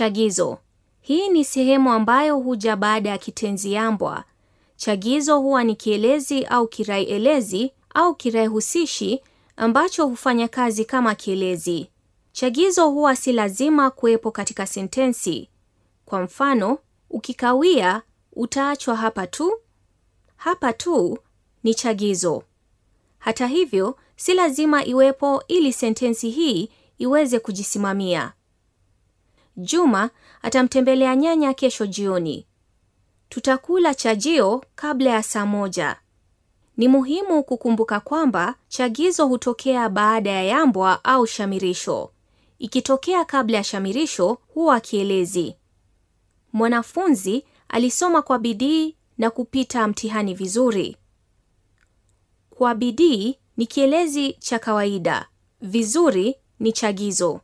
Chagizo. Hii ni sehemu ambayo huja baada ya kitenzi yambwa. Chagizo huwa ni kielezi au kirai elezi au kirai husishi ambacho hufanya kazi kama kielezi. Chagizo huwa si lazima kuwepo katika sentensi. Kwa mfano, ukikawia utaachwa hapa tu. Hapa tu ni chagizo. Hata hivyo, si lazima iwepo ili sentensi hii iweze kujisimamia. Juma atamtembelea nyanya kesho jioni. Tutakula chajio kabla ya saa moja. Ni muhimu kukumbuka kwamba chagizo hutokea baada ya yambwa au shamirisho. Ikitokea kabla ya shamirisho huwa kielezi. Mwanafunzi alisoma kwa bidii na kupita mtihani vizuri. Kwa bidii ni kielezi cha kawaida. Vizuri ni chagizo.